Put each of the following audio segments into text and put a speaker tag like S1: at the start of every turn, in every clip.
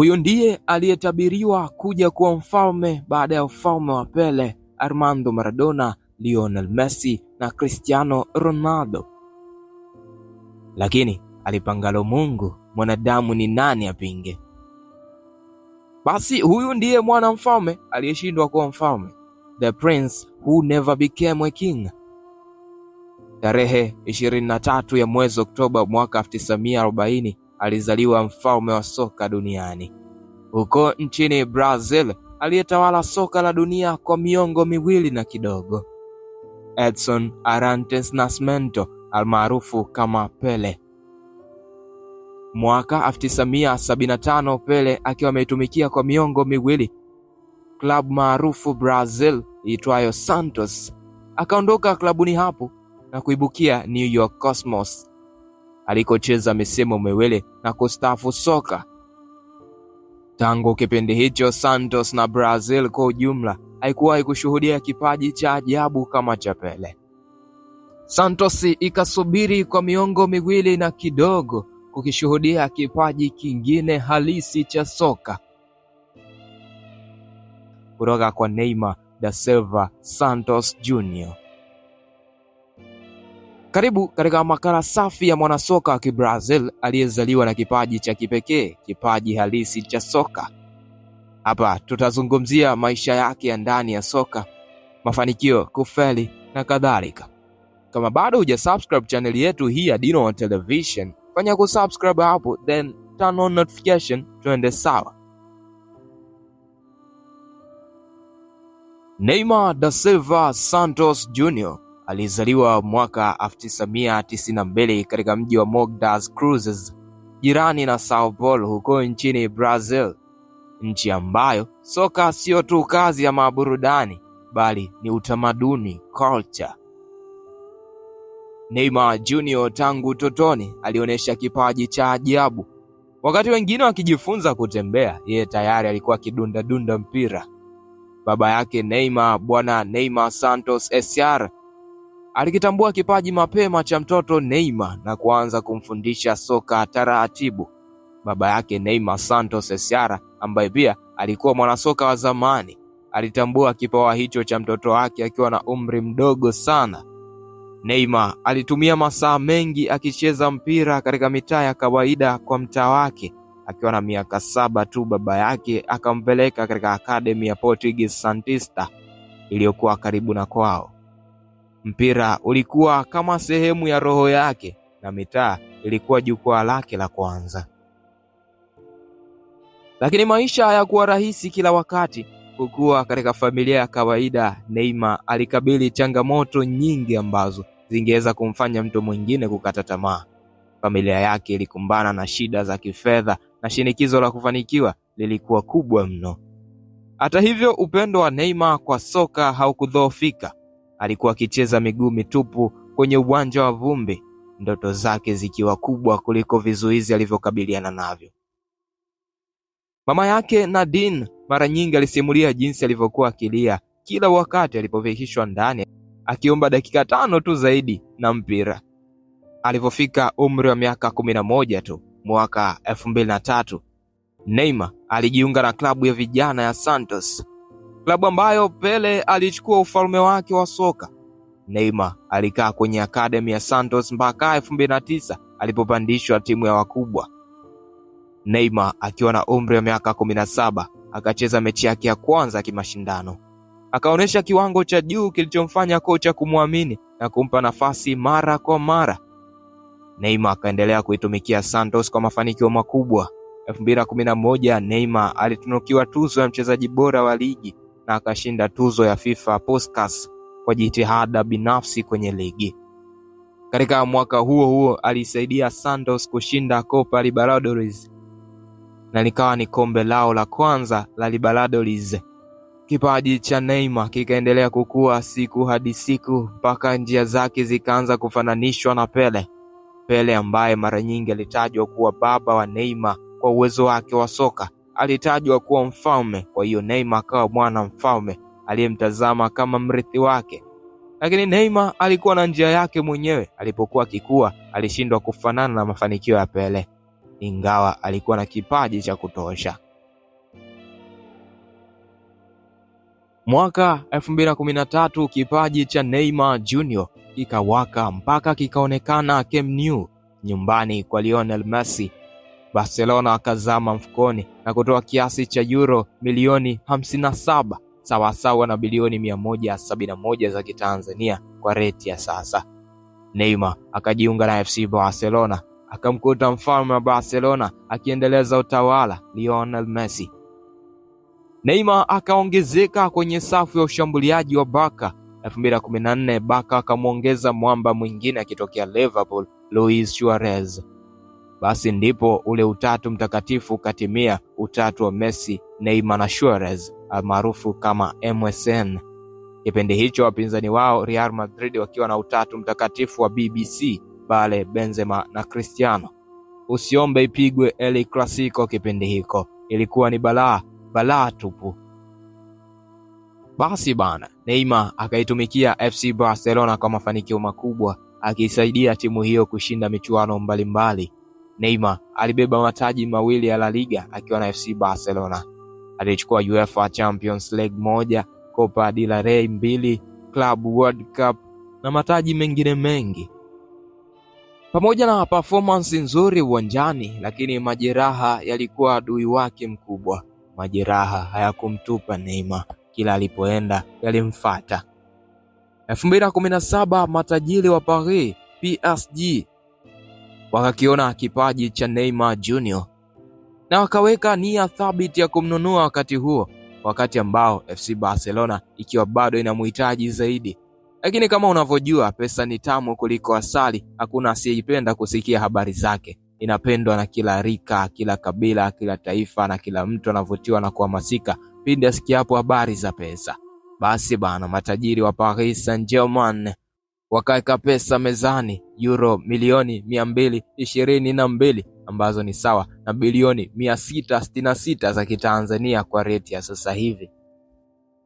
S1: Huyu ndiye aliyetabiriwa kuja kuwa mfalme baada ya ufalme wa Pele, Armando Maradona, Lionel Messi na Cristiano Ronaldo. Lakini alipangalo Mungu, mwanadamu ni nani apinge? Basi huyu ndiye mwana mfalme aliyeshindwa kuwa mfalme, the prince who never became a king. Tarehe 23 ya mwezi Oktoba mwaka 1940 alizaliwa mfalme wa soka duniani huko nchini Brazil aliyetawala soka la dunia kwa miongo miwili na kidogo. Edson Arantes Nascimento almaarufu kama Pele. Mwaka 1975 Pele akiwa ameitumikia kwa miongo miwili klabu maarufu Brazil iitwayo Santos, akaondoka klabuni hapo na kuibukia New York Cosmos alikocheza misimu miwili na kustaafu soka Tangu kipindi hicho Santos na Brazil kwa ujumla haikuwahi kushuhudia kipaji cha ajabu kama cha Pele. Santos ikasubiri kwa miongo miwili na kidogo kukishuhudia kipaji kingine halisi cha soka kutoka kwa Neymar da Silva Santos Junior. Karibu katika makala safi ya mwanasoka wa Kibrazil aliyezaliwa na kipaji cha kipekee, kipaji halisi cha soka. Hapa tutazungumzia maisha yake ya ndani ya soka, mafanikio, kufeli na kadhalika. Kama bado huja subscribe channel yetu hii ya Dino Television, fanya kusubscribe hapo, then turn on notification, tuende sawa. Neymar da Silva Santos Jr Alizaliwa mwaka 1992 katika mji wa mogdas Cruzes, jirani na Sao Paulo huko nchini Brazil, nchi ambayo soka sio tu kazi ya maburudani bali ni utamaduni culture. Neymar Junior tangu utotoni alionyesha kipaji cha ajabu. Wakati wengine wakijifunza kutembea, yeye tayari alikuwa akidundadunda mpira. Baba yake Neymar, Bwana Neymar Santos SR Alikitambua kipaji mapema cha mtoto Neymar na kuanza kumfundisha soka taratibu. Baba yake Neymar Santos sesiara ambaye pia alikuwa mwanasoka wa zamani, alitambua kipawa hicho cha mtoto wake akiwa na umri mdogo sana. Neymar alitumia masaa mengi akicheza mpira katika mitaa ya kawaida kwa mtaa wake. Akiwa na miaka saba tu, baba yake akampeleka katika akademi ya Portuguese Santista iliyokuwa karibu na kwao. Mpira ulikuwa kama sehemu ya roho yake na mitaa ilikuwa jukwaa lake la kwanza. Lakini maisha hayakuwa rahisi kila wakati. Kukua katika familia ya kawaida, Neymar alikabili changamoto nyingi ambazo zingeweza kumfanya mtu mwingine kukata tamaa. Familia yake ilikumbana na shida za kifedha na shinikizo la kufanikiwa lilikuwa kubwa mno. Hata hivyo, upendo wa Neymar kwa soka haukudhoofika. Alikuwa akicheza miguu mitupu kwenye uwanja wa vumbi, ndoto zake zikiwa kubwa kuliko vizuizi alivyokabiliana navyo. Mama yake Nadine mara nyingi alisimulia jinsi alivyokuwa akilia kila wakati alipovihishwa ndani, akiomba dakika tano tu zaidi na mpira. Alivyofika umri wa miaka kumi na moja tu mwaka elfu mbili na tatu Neymar alijiunga na klabu ya vijana ya Santos klabu ambayo Pele alichukua ufalme wake wa soka. Neymar alikaa kwenye akademi ya Santos mpaka 2009 alipopandishwa timu ya wakubwa. Neymar akiwa na umri wa miaka 17 akacheza mechi yake ya kwanza ya kimashindano, akaonyesha kiwango cha juu kilichomfanya kocha kumwamini na kumpa nafasi mara kwa mara. Neymar akaendelea kuitumikia Santos kwa mafanikio makubwa. 2011 Neymar alitunukiwa tuzo ya mchezaji bora wa ligi na akashinda tuzo ya FIFA Puskas kwa jitihada binafsi kwenye ligi. Katika mwaka huo huo alisaidia Santos kushinda Copa Libertadores na likawa ni kombe lao la kwanza la Libertadores. Kipaji cha Neymar kikaendelea kukua siku hadi siku mpaka njia zake zikaanza kufananishwa na Pele. Pele ambaye mara nyingi alitajwa kuwa baba wa Neymar kwa uwezo wake wa soka alitajwa kuwa mfalme. Kwa hiyo Neima akawa mwana mfalme aliyemtazama kama mrithi wake. Lakini Neima alikuwa na njia yake mwenyewe. Alipokuwa akikua, alishindwa kufanana na mafanikio ya Pele, ingawa alikuwa na kipaji cha kutosha. Mwaka 2013 kipaji cha Neymar Jr kikawaka mpaka kikaonekana Camp Nou, nyumbani kwa Lionel Messi Barcelona wakazama mfukoni na kutoa kiasi cha euro milioni 57 sawasawa na bilioni 171 za Kitanzania kwa reti ya sasa. Neymar akajiunga na FC Barcelona akamkuta mfalme wa Barcelona akiendeleza utawala Lionel Messi. Neymar akaongezeka kwenye safu ya ushambuliaji wa Barca. 2014 Barca akamwongeza mwamba mwingine akitokea Liverpool, Luis Suarez basi ndipo ule utatu mtakatifu ukatimia, utatu wa Messi, Neymar na Suarez maarufu kama MSN. Kipindi hicho wapinzani wao Real Madrid wakiwa na utatu mtakatifu wa BBC, Bale, Benzema na Cristiano. Usiombe ipigwe El Clasico kipindi hiko, ilikuwa ni balaa balaa tupu. Basi bana, Neymar akaitumikia FC Barcelona kwa mafanikio makubwa, akiisaidia timu hiyo kushinda michuano mbalimbali mbali. Neymar alibeba mataji mawili ya La Liga akiwa na FC Barcelona. Alichukua UEFA Champions League moja, Copa del Rey mbili, Club World Cup na mataji mengine mengi. Pamoja na performance nzuri uwanjani, lakini majeraha yalikuwa adui wake mkubwa. Majeraha hayakumtupa Neymar, kila alipoenda yalimfata. 2017 matajiri wa Paris PSG wakakiona kipaji cha Neymar Jr na wakaweka nia thabiti ya kumnunua wakati huo, wakati ambao FC Barcelona ikiwa bado inamhitaji zaidi. Lakini kama unavyojua, pesa ni tamu kuliko asali. Hakuna asiyeipenda kusikia habari zake. Inapendwa na kila rika, kila kabila, kila taifa, na kila mtu anavutiwa na kuhamasika pindi asikiapo habari za pesa. Basi bana, matajiri wa Paris Saint-Germain wakaweka pesa mezani euro milioni mia mbili ishirini na mbili ambazo ni sawa na bilioni mia sita sitini na sita za Kitanzania kwa reti ya sasa hivi.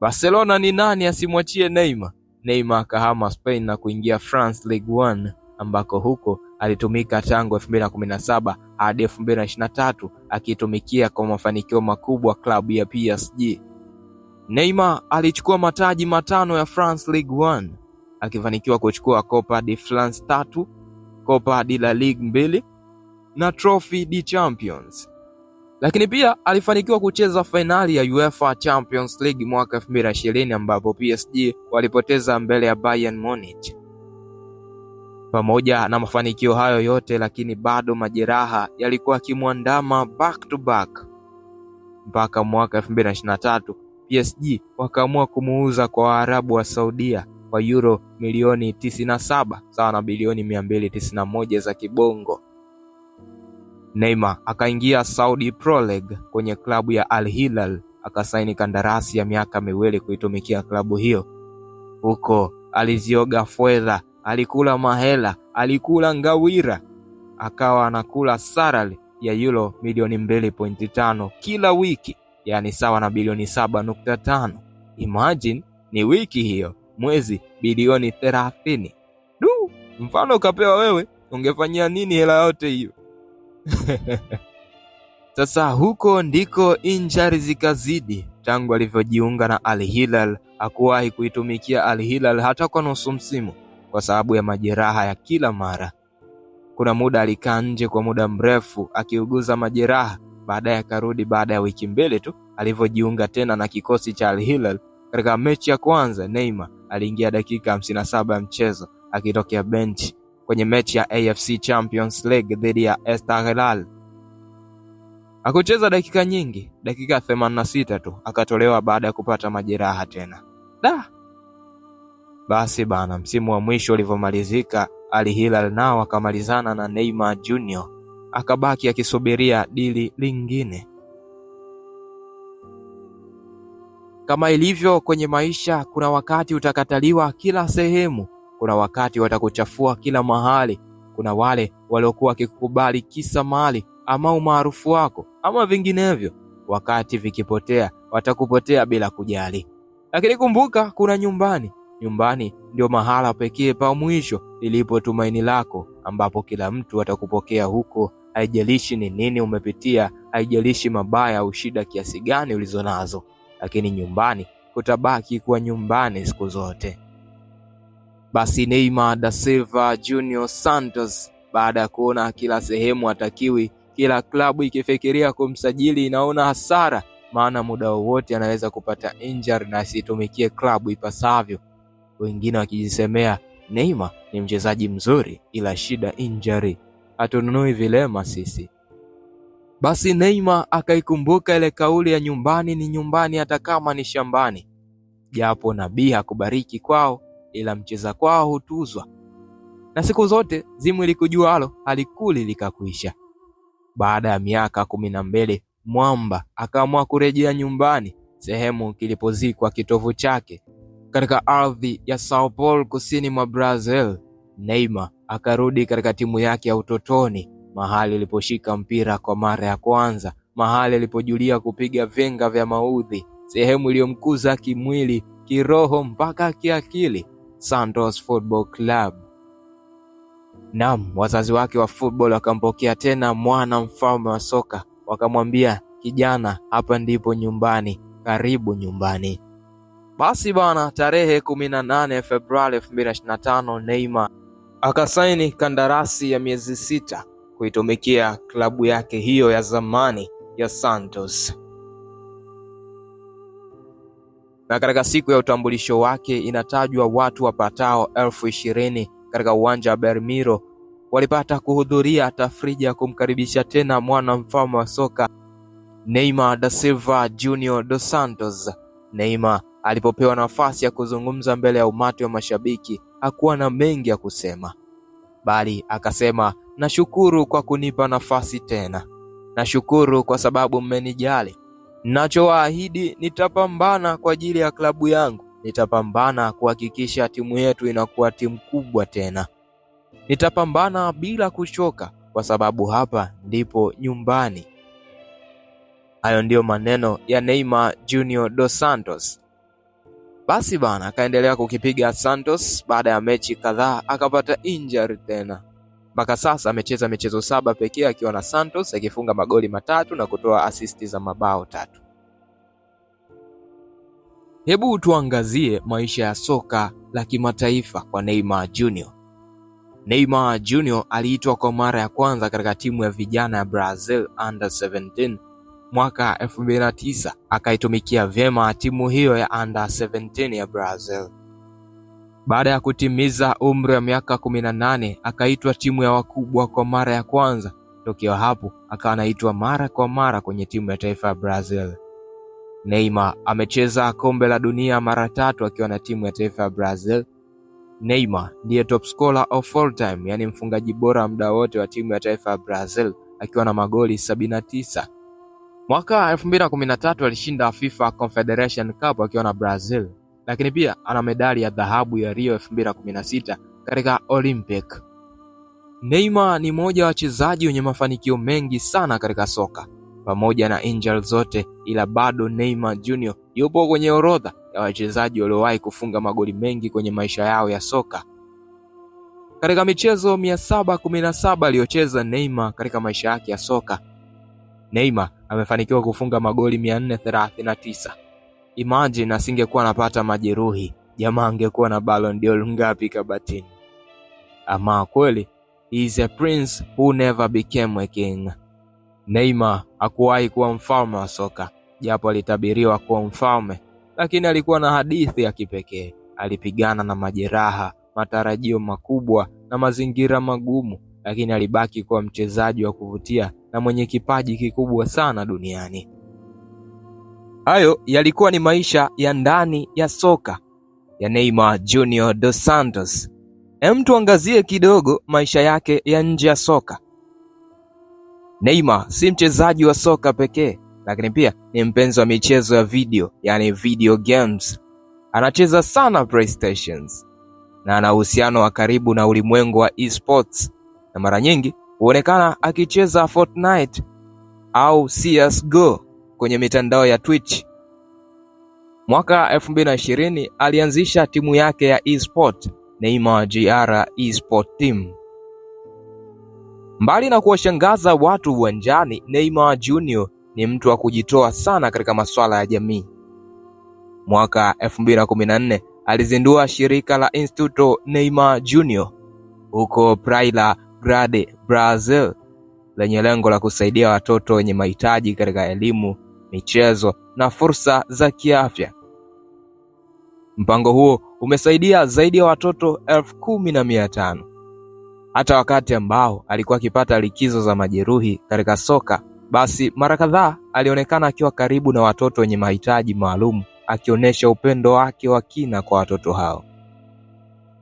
S1: Barcelona ni nani asimwachie Neymar? Neymar akahama Spain na kuingia France league 1 ambako huko alitumika tangu 2017 hadi 2023 akitumikia kwa mafanikio makubwa klabu ya PSG. Neymar alichukua mataji matano ya France League One, akifanikiwa kuchukua Copa de France tatu, Copa de la Ligue mbili na Trophy de Champions. Lakini pia alifanikiwa kucheza fainali ya UEFA Champions League mwaka 2020 ambapo PSG walipoteza mbele ya Bayern Munich. Pamoja na mafanikio hayo yote, lakini bado majeraha yalikuwa akimwandama back to back mpaka mwaka 2023 PSG wakaamua kumuuza kwa Waarabu wa Saudia kwa euro milioni 97 sawa na bilioni 291 za kibongo. Neymar akaingia Saudi Pro League kwenye klabu ya Al Hilal, akasaini kandarasi ya miaka miwili kuitumikia klabu hiyo. Huko alizioga fedha, alikula mahela, alikula ngawira, akawa anakula salary ya euro milioni 2.5 kila wiki, yaani sawa na bilioni 7.5. Imagine ni wiki hiyo mwezi bilioni thelathini. Du, mfano ukapewa wewe, ungefanyia nini hela yote hiyo? Sasa huko ndiko injari zikazidi. Tangu alivyojiunga na Al Hilal hakuwahi kuitumikia Al Hilal hata kwa nusu msimu, kwa sababu ya majeraha ya kila mara. Kuna muda alikaa nje kwa muda mrefu akiuguza majeraha, baadaye akarudi baada ya wiki mbili tu alivyojiunga tena na kikosi cha Al Hilal. Katika mechi ya kwanza, Neymar aliingia dakika hamsini na saba ya mchezo akitokea benchi kwenye mechi ya AFC Champions League dhidi ya Estar akucheza Hakucheza dakika nyingi, dakika 86 tu akatolewa baada ya kupata majeraha tena. Da. Basi bana, msimu wa mwisho ulivyomalizika, Al Hilal nao akamalizana na Neymar Junior akabaki akisubiria dili lingine. Kama ilivyo kwenye maisha, kuna wakati utakataliwa kila sehemu, kuna wakati watakuchafua kila mahali. Kuna wale waliokuwa wakikukubali kisa mali ama umaarufu wako ama vinginevyo, wakati vikipotea watakupotea bila kujali. Lakini kumbuka, kuna nyumbani. Nyumbani ndio mahala pekee pa mwisho lilipo tumaini lako, ambapo kila mtu atakupokea huko. Haijalishi ni nini umepitia, haijalishi mabaya au shida kiasi gani ulizonazo lakini nyumbani kutabaki kuwa nyumbani siku zote. Basi Neymar da Silva Junior Santos, baada ya kuona kila sehemu hatakiwi, kila klabu ikifikiria kumsajili inaona hasara, maana muda wowote anaweza kupata injury na asitumikie klabu ipasavyo, wengine wakijisemea Neymar ni mchezaji mzuri, ila shida injury, hatununui vilema sisi. Basi Neymar akaikumbuka ile kauli ya nyumbani ni nyumbani hata kama ni shambani, japo nabii hakubariki kwao, ila mcheza kwao hutuzwa. Na siku zote zimu ilikujua halo halikuli likakuisha. Baada ya miaka kumi na mbili mwamba akaamua kurejea nyumbani, sehemu kilipozikwa kitovu chake katika ardhi ya Sao Paulo kusini mwa Brazil. Neymar akarudi katika timu yake ya utotoni mahali aliposhika mpira kwa mara ya kwanza, mahali alipojulia kupiga venga vya maudhi, sehemu iliyomkuza kimwili, kiroho mpaka kiakili, Santos Football Club. Naam, wazazi wake wa football wakampokea tena mwana mfalme wa soka, wakamwambia kijana, hapa ndipo nyumbani, karibu nyumbani. Basi bana, tarehe 18 Februari 2025 Neymar akasaini kandarasi ya miezi sita kuitumikia klabu yake hiyo ya zamani ya Santos. Na katika siku ya utambulisho wake inatajwa watu wapatao elfu ishirini katika uwanja wa bermiro walipata kuhudhuria tafrija ya kumkaribisha tena mwana mfalme wa soka Neymar da Silva Junior dos Santos. Neymar alipopewa nafasi ya kuzungumza mbele ya umati wa mashabiki hakuwa na mengi ya kusema bali akasema, nashukuru kwa kunipa nafasi tena, nashukuru kwa sababu mmenijali. Nachowaahidi, nitapambana kwa ajili ya klabu yangu, nitapambana kuhakikisha timu yetu inakuwa timu kubwa tena, nitapambana bila kuchoka, kwa sababu hapa ndipo nyumbani. Hayo ndiyo maneno ya Neymar Junior Dos Santos basi bana akaendelea kukipiga Santos baada ya mechi kadhaa akapata injury tena. Mpaka sasa amecheza michezo saba pekee akiwa na Santos akifunga magoli matatu na kutoa asisti za mabao tatu. Hebu tuangazie maisha ya soka la kimataifa kwa Neymar Jr. Neymar Jr aliitwa kwa mara ya kwanza katika timu ya vijana ya Brazil under 17 mwaka 2009 akaitumikia vyema timu hiyo ya under 17 ya Brazil. Baada ya kutimiza umri wa miaka 18 akaitwa timu ya wakubwa kwa mara ya kwanza. Tokio hapo akawa anaitwa mara kwa mara kwenye timu ya taifa ya Brazil. Neymar amecheza kombe la dunia mara tatu akiwa na timu ya taifa ya Brazil. Neymar ndiye top scorer of all time, yani mfungaji bora muda wote wa timu ya taifa ya Brazil akiwa na magoli 79 Mwaka 2013 alishinda FIFA Confederation Cup akiwa na Brazil lakini pia ana medali ya dhahabu ya Rio 2016 katika Olympic. Neymar ni mmoja wa wachezaji wenye mafanikio mengi sana katika soka pamoja na Angel zote, ila bado Neymar Jr yupo kwenye orodha ya wachezaji waliowahi kufunga magoli mengi kwenye maisha yao ya soka. Katika michezo 717 aliyocheza Neymar katika maisha yake ya soka Neymar amefanikiwa kufunga magoli 439. Imagine asingekuwa anapata majeruhi, jamaa angekuwa na Ballon d'Or ngapi kabatini? Ama kweli, he is a prince who never became a king. Neymar hakuwahi kuwa mfalme wa soka, japo alitabiriwa kuwa mfalme, lakini alikuwa na hadithi ya kipekee. Alipigana na majeraha, matarajio makubwa na mazingira magumu lakini alibaki kuwa mchezaji wa kuvutia na mwenye kipaji kikubwa sana duniani. Hayo yalikuwa ni maisha ya ndani ya soka ya Neymar Junior Dos Santos. Hem, tuangazie kidogo maisha yake ya nje ya soka. Neymar si mchezaji wa soka pekee, lakini pia ni mpenzi wa michezo ya video, yani video games. Anacheza sana PlayStations na ana uhusiano wa karibu na ulimwengu wa esports na mara nyingi huonekana akicheza Fortnite au CS:GO kwenye mitandao ya Twitch. Mwaka 2020 alianzisha timu yake ya eSport Neymar Jr eSport Team. Mbali na kuwashangaza watu uwanjani, Neymar Jr ni mtu wa kujitoa sana katika masuala ya jamii. Mwaka 2014 alizindua shirika la Instituto Neymar Jr huko Praia Grade Brazil lenye lengo la kusaidia watoto wenye mahitaji katika elimu, michezo na fursa za kiafya. Mpango huo umesaidia zaidi ya watoto 15 hata wakati ambao alikuwa akipata likizo za majeruhi katika soka, basi mara kadhaa alionekana akiwa karibu na watoto wenye mahitaji maalum, akionyesha upendo wake wa kina kwa watoto hao.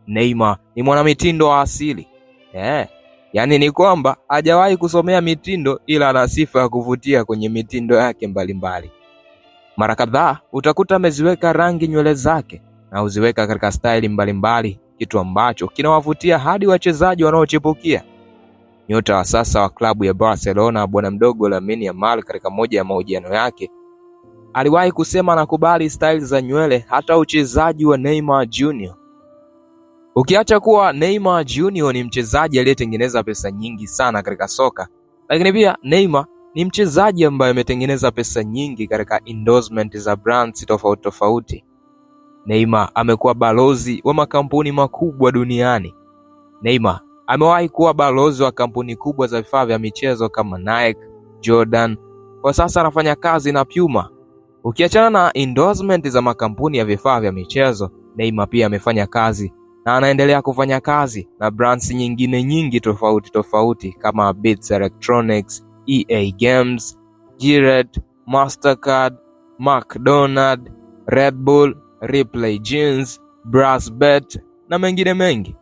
S1: Neymar ni mwanamitindo wa asili eh, Yaani ni kwamba hajawahi kusomea mitindo ila ana sifa ya kuvutia kwenye mitindo yake mbalimbali. Mara kadhaa utakuta ameziweka rangi nywele zake na huziweka katika staili mbalimbali, kitu ambacho kinawavutia hadi wachezaji wanaochipukia. Nyota wa sasa wa klabu ya Barcelona bwana mdogo Lamine Yamal, katika moja ya mahojiano yake aliwahi kusema anakubali staili za nywele hata uchezaji wa Neymar Jr Ukiacha kuwa Neymar Junior ni mchezaji aliyetengeneza pesa nyingi sana katika soka, lakini pia Neymar ni mchezaji ambaye ametengeneza pesa nyingi katika endorsement za brands tofauti tofauti. Neymar amekuwa balozi wa makampuni makubwa duniani. Neymar amewahi kuwa balozi wa kampuni kubwa za vifaa vya michezo kama Nike, Jordan. Kwa sasa anafanya kazi na Puma. Ukiachana na endorsement za makampuni ya vifaa vya michezo, Neymar pia amefanya kazi na anaendelea kufanya kazi na brands nyingine nyingi tofauti tofauti kama Beats Electronics, EA Games, Giroud, Mastercard, McDonald, Red Bull, Replay Jeans, Brasbet na mengine mengi.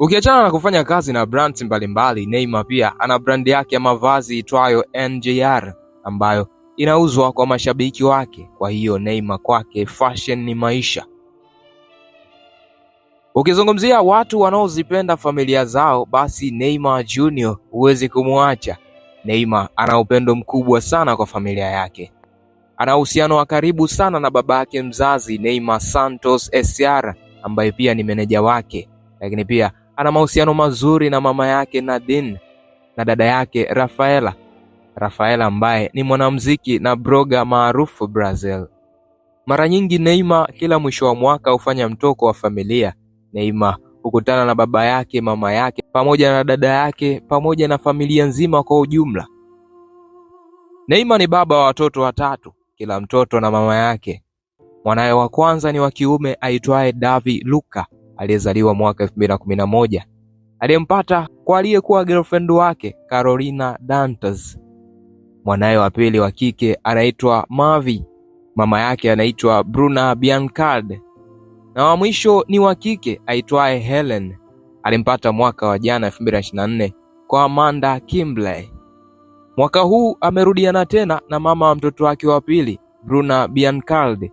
S1: Ukiachana na kufanya kazi na brands mbalimbali, Neymar pia ana brandi yake ya mavazi itwayo NJR ambayo inauzwa kwa mashabiki wake. Kwa hiyo Neymar kwake fashion ni maisha. Ukizungumzia watu wanaozipenda familia zao, basi Neymar jr huwezi kumwacha. Neymar ana upendo mkubwa sana kwa familia yake, ana uhusiano wa karibu sana na baba yake mzazi Neymar Santos SR ambaye pia ni meneja wake, lakini pia ana mahusiano mazuri na mama yake Nadine na dada yake Rafaela Rafaela ambaye ni mwanamuziki na broga maarufu Brazil. Mara nyingi Neymar kila mwisho wa mwaka hufanya mtoko wa familia Neymar hukutana na baba yake, mama yake, pamoja na dada yake, pamoja na familia nzima kwa ujumla. Neymar ni baba wa watoto watatu, kila mtoto na mama yake. Mwanawe wa kwanza ni wa kiume aitwaye Davi Luka aliyezaliwa mwaka 2011 aliyempata kwa aliyekuwa girlfriend wake Carolina Dantas. mwanaye wa pili wa kike anaitwa Mavi, mama yake anaitwa Bruna Biancard na wa mwisho ni wa kike aitwaye Helen alimpata mwaka wa jana 2024 kwa Amanda Kimbley. Mwaka huu amerudiana tena na mama wa mtoto wake wa pili Bruna Biancardi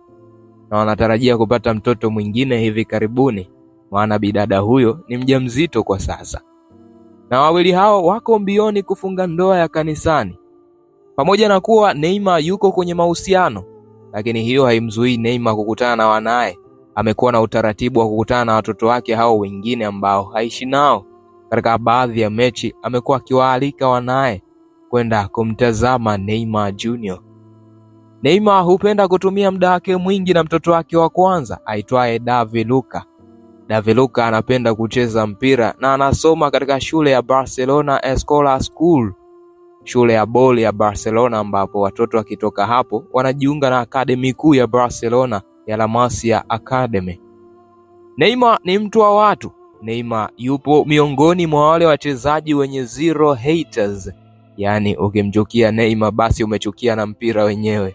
S1: na wanatarajia kupata mtoto mwingine hivi karibuni, maana bidada huyo ni mjamzito kwa sasa, na wawili hao wako mbioni kufunga ndoa ya kanisani. Pamoja na kuwa Neymar yuko kwenye mahusiano, lakini hiyo haimzuii Neymar kukutana na wanaye amekuwa na utaratibu wa kukutana na watoto wake hao wengine ambao haishi nao. Katika baadhi ya mechi amekuwa akiwaalika wanaye kwenda kumtazama Neymar Jr. Neymar hupenda kutumia muda wake mwingi na mtoto wake wa kwanza aitwaye Davi Luka. Davi Luka anapenda kucheza mpira na anasoma katika shule ya Barcelona Escola School, shule ya boli ya Barcelona, ambapo watoto wakitoka hapo wanajiunga na akademi kuu ya Barcelona ya La Masia Academy. Neymar ni mtu wa watu. Neymar yupo miongoni mwa wale wachezaji wenye zero haters, yaani ukimchukia Neymar basi umechukia na mpira wenyewe.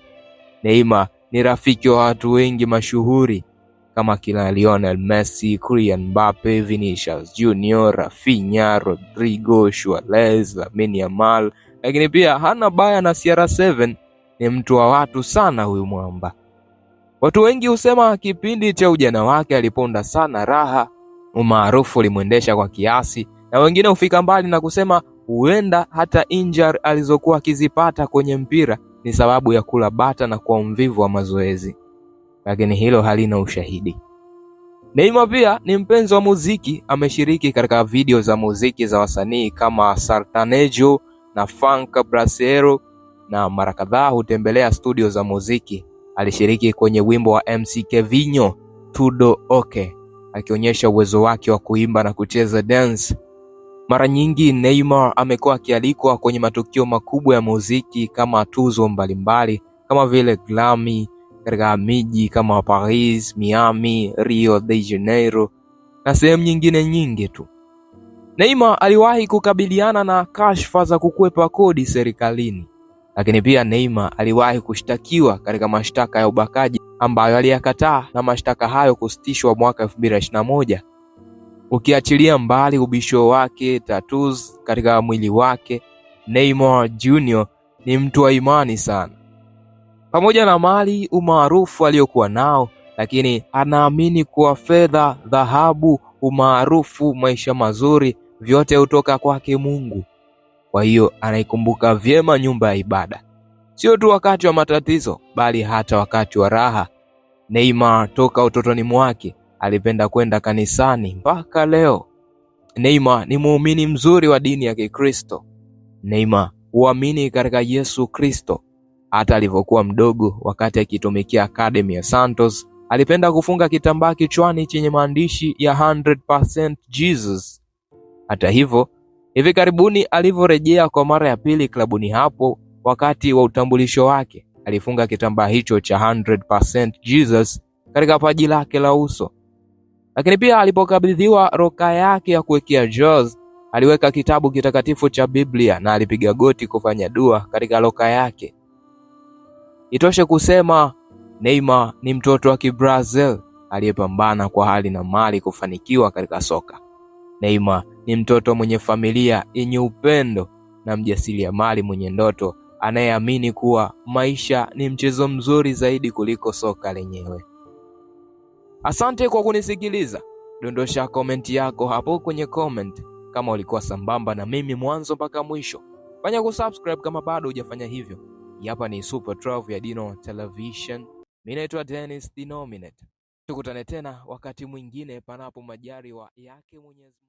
S1: Neymar ni rafiki wa watu wengi mashuhuri kama kina Lionel Messi, Kylian Mbappe, Vinicius Junior, Rafinha, Rodrigo, Suarez, Lamine Yamal, lakini pia hana baya na CR7. Ni mtu wa watu sana huyu mwamba. Watu wengi husema kipindi cha ujana wake aliponda sana raha, umaarufu ulimwendesha kwa kiasi, na wengine hufika mbali na kusema huenda hata injari alizokuwa akizipata kwenye mpira ni sababu ya kula bata na kuwa mvivu wa mazoezi, lakini hilo halina ushahidi. Neymar pia ni mpenzi wa muziki, ameshiriki katika video za muziki za wasanii kama Sartanejo na Funk Brasero, na mara kadhaa hutembelea studio za muziki Alishiriki kwenye wimbo wa MC Kevinho Tudo Oke, akionyesha uwezo wake wa kuimba na kucheza dance. Mara nyingi Neymar amekuwa akialikwa kwenye matukio makubwa ya muziki kama tuzo mbalimbali kama vile Grammy katika miji kama Paris, Miami, Rio de Janeiro na sehemu nyingine nyingi tu. Neymar aliwahi kukabiliana na kashfa za kukwepa kodi serikalini. Lakini pia Neymar aliwahi kushtakiwa katika mashtaka ya ubakaji ambayo aliyakataa na mashtaka hayo kusitishwa mwaka 2021. Ukiachilia mbali ubisho wake, tattoos katika mwili wake, Neymar Jr ni mtu wa imani sana. Pamoja na mali, umaarufu aliyokuwa nao, lakini anaamini kuwa fedha, dhahabu, umaarufu, maisha mazuri, vyote hutoka kwake Mungu. Kwa hiyo anaikumbuka vyema nyumba ya ibada, sio tu wakati wa matatizo, bali hata wakati wa raha. neima toka utotoni mwake alipenda kwenda kanisani mpaka leo. neima ni muumini mzuri wa dini ya Kikristo. neima huamini katika Yesu Kristo. Hata alivyokuwa mdogo, wakati akitumikia akademi ya Santos, alipenda kufunga kitambaa kichwani chenye maandishi ya 100% Jesus. Hata hivyo Hivi karibuni alivyorejea kwa mara ya pili klabuni hapo wakati wa utambulisho wake, alifunga kitambaa hicho cha 100% Jesus katika paji lake la uso, lakini pia alipokabidhiwa roka yake ya kuwekea jaws aliweka kitabu kitakatifu cha Biblia na alipiga goti kufanya dua katika roka yake. Itoshe kusema Neymar ni mtoto wa Kibrazil aliyepambana kwa hali na mali kufanikiwa katika soka. Neymar ni mtoto mwenye familia yenye upendo na mjasiriamali mwenye ndoto anayeamini kuwa maisha ni mchezo mzuri zaidi kuliko soka lenyewe. Asante kwa kunisikiliza. Dondosha komenti yako hapo kwenye comment kama ulikuwa sambamba na mimi mwanzo mpaka mwisho. Fanya kusubscribe kama bado hujafanya hivyo. Hapa ni Super ya Dino Television. Mimi naitwa Dennis Dinominate. Tukutane tena wakati mwingine, panapo wa yake Mwenyezi